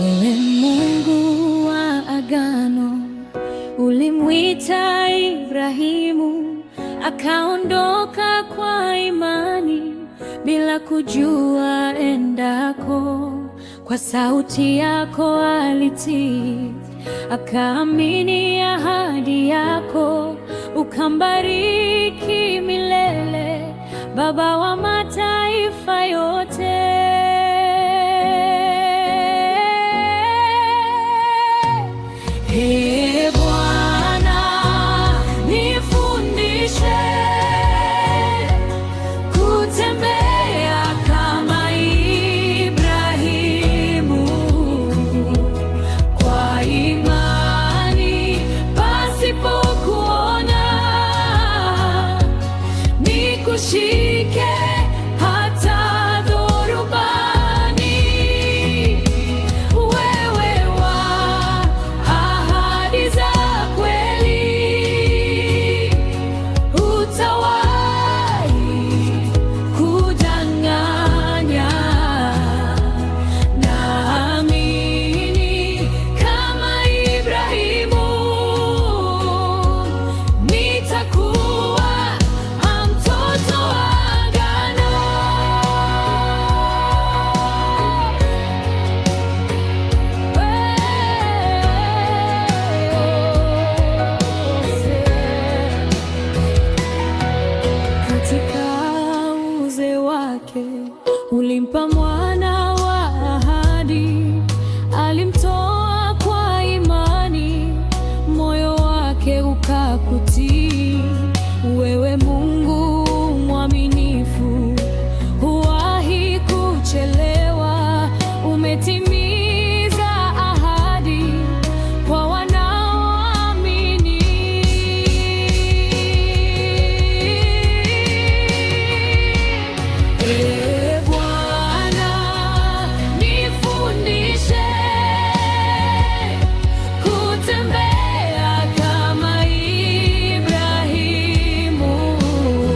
Wewe Mungu wa agano, ulimwita Ibrahimu akaondoka kwa imani bila kujua endako. Kwa sauti yako alitii, akaamini ahadi yako, ukambariki milele, baba wa mataifa yote. wake, ulimpa mwana wa ahadi, alimtoa kwa imani, moyo wake ukakutii. Wewe Mungu mwaminifu, huwahi kuchelewa, umetimiza